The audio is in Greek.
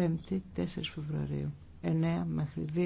5η 4 Φεβρουαρίου 9 μέχρι 2